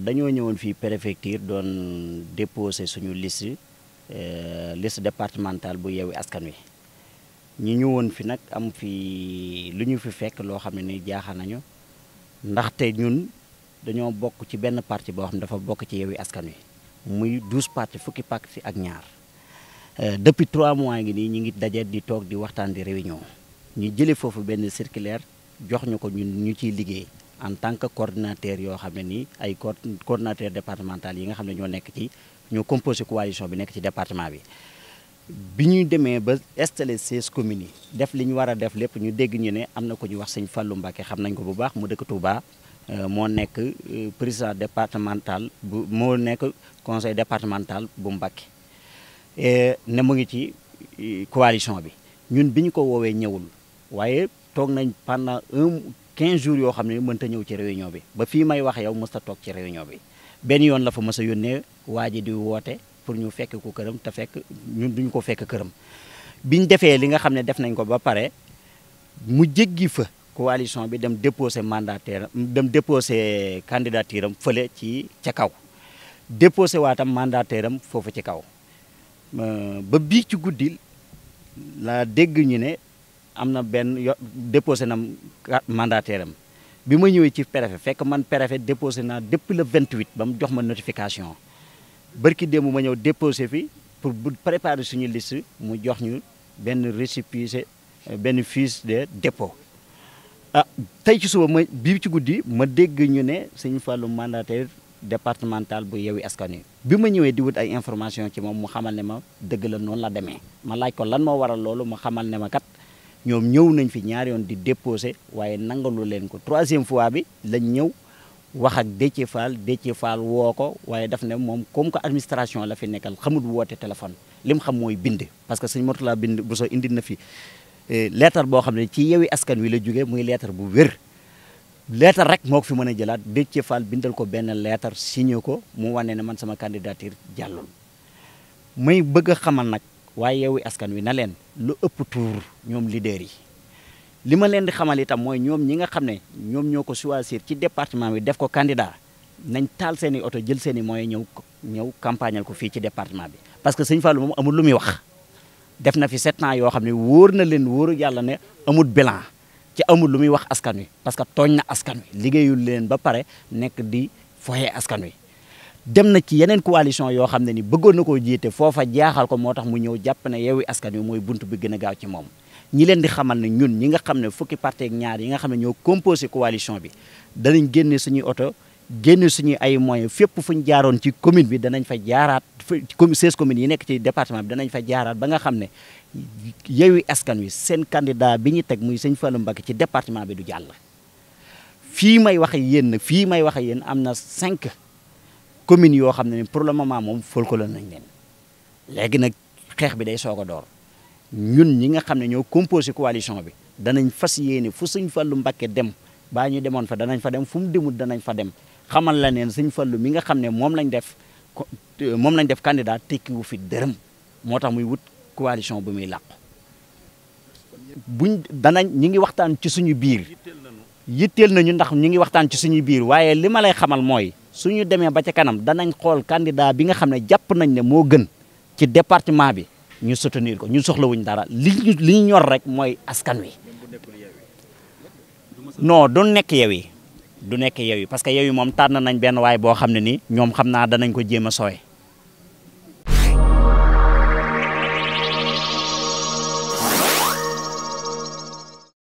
dañoo ñëwoon fii préfecture doon déposé suñu liste euh, liste départementale bu Yewwi Askan Wi ñu ñëwoon fi nag am fi lu ñu fi fekk loo xam ne ni jaaxal nañu ndaxte ñun dañoo bokk ci benn parti boo xam ne dafa bokk ci Yewwi Askan Wi muy douze parti fukki parti ak ñaar euh, depuis trois mois ngi nii ñu ngi daje di toog di waxtaan di réunion ñu jëlee foofu benn circulaire jox ñu ko ñun ñu ciy liggéey. en tant que coordinateur yoo xam ne nii ay coordinateur départemental yi nga xam ne ñoo nekk ci ñoo composé coalition bi nekk ci département bi bi ñuy demee ba installé seize communes yi def li ñu war a def lépp ñu dégg ñu ne am na ko ñu wax sëñ Fallou Mbacké xam nañ ko bu baax mu dëkk Touba euh, moo nekk euh, président départemental bu moo nekk conseil départemental bu Mbacké ne mu ngi ci euh, coalition bi ñun bi ñu ko woowee ñëwul waaye toog nañ pendant un 15 jours yoo xam ne mënta ñëw ci réunion bi ba fii may wax yow mësta toog ci réunion bi benn yoon la fa mës a yónnee waa ji di woote pour ñu fekk ko këram te fekk ñun duñu ko fekk këram biñ defee li nga xam ne def nañ ko ba pare mu jéggi fa coalition bi dem déposé mandataire dem déposé candidature am fële ci ca kaw déposé waatam mandataire am foofu ci kaw euh, ba bii ci guddi laa dégg ñu ne am na benn yo déposé na mandataire bi ma ñëwee ci préfet fekk man préfet déposé naa depuis le 28 ba mu jox ma notification bërki démb ma ñëw déposé fi pour bu préparer suñu liste mu jox ñu benn récépissé benn fiche de dépo ah tey ci suba ma bi ci guddi ma dégg ñu ne Sëñ fàllu mandataire départemental bu Yewwi Askan Wi bi ma ñëwee di wut ay information ci moom mu xamal ne ma dëgg la noonu la demee ma laaj ko lan moo waral loolu mu xamal ne ma kat ñoom ñëw nañ fi ñaari yoon di déposé waaye nangalu leen ko troisième fois bi lañ ñëw wax ak Déthié Fall Déthié Fall woo ko waaye def ne moom comme que administration la fi nekkal xamul woote téléphone li mu xam mooy bind parce que sëñ Mourtala bind bu soo indi na fi eh, leetar boo xam ne ci yewi askan wi la jógee muy leetar bu wér leetar rek moo ko fi mën a jëlaat Déthié Fall bindel ko benn leetar signé ko mu wane ne man sama candidature jàllul may bëgg waaye Yewwi Askan Wi na leen lu ëpp tuur ñoom leader yi li ma leen di xamal itam mooy ñoom ñi nga xam ne ñoom ñoo ko choisir ci département bi def ko candidat nañ taal seen i oto jël seen i moyens ñëw ñëw campagnal ko fii ci département bi. parce que sëñ Fallou moom amul lu muy wax def na fi sept yoo xam ne wóor na leen wóoru yàlla ne amul bilan ci amul lu muy wax askan wi parce que tooñ na askan wi liggéeyul leen ba pare nekk di foyee askan wi. dem na ci yeneen coalition yoo xam ne ni bëggoon na koo jiite foofa jaaxal ko moo tax mu ñëw jàpp ne Yewwi Askan Wi mooy bunt bi gën a gaaw ci moom ñi leen di xamal ne ñun ñi nga xam ne fukki parti ak ñaar yi nga xam ne ñoo composé coalition bi danañ génne suñuy oto génne suñuy ay moyens fépp fu ñu jaaroon ci commune bi danañ fa jaaraat seize communes yi nekk ci département bi danañ fa jaaraat ba nga xam ne Yewwi Askan Wi seen candidat bi ñu teg muy sëñ falu Mbacké ci département bi du jàll fii may wax ak fii may wax ak yéen am na cinq communes yoo xam ne pour le moment moom folklore nañ leen léegi nag xeex bi day soog a door ñun ñi nga xam ne ñoo composé coalition bi danañ fas yéene fu suñ Fallu Mbàkke dem baa ñu demoon fa danañ fa dem fu mu demul danañ fa dem xamal la neen suñ Fallu mi nga xam ne moom lañ def moom lañ def candidat tekkiwu fi dërëm moo tax muy wut coalition bu muy làqu buñ danañ ñi ngi waxtaan ci suñu biir yitteel nañu ndax ñi ngi waxtaan ci suñu biir waaye li ma lay xamal mooy su ñu demee ba ca kanam danañ xool candidat bi nga xam ne jàpp nañ ne moo gën ci département bi ñu soutenir ko ñu soxlawuñ dara li ñu ñor rek mooy askan wi non du nekk yow yi du nekk yow yi parce que yow yi moom tànn nañ benn waaye boo xam ne ni ñoom xam naa danañ ko jéem a sooy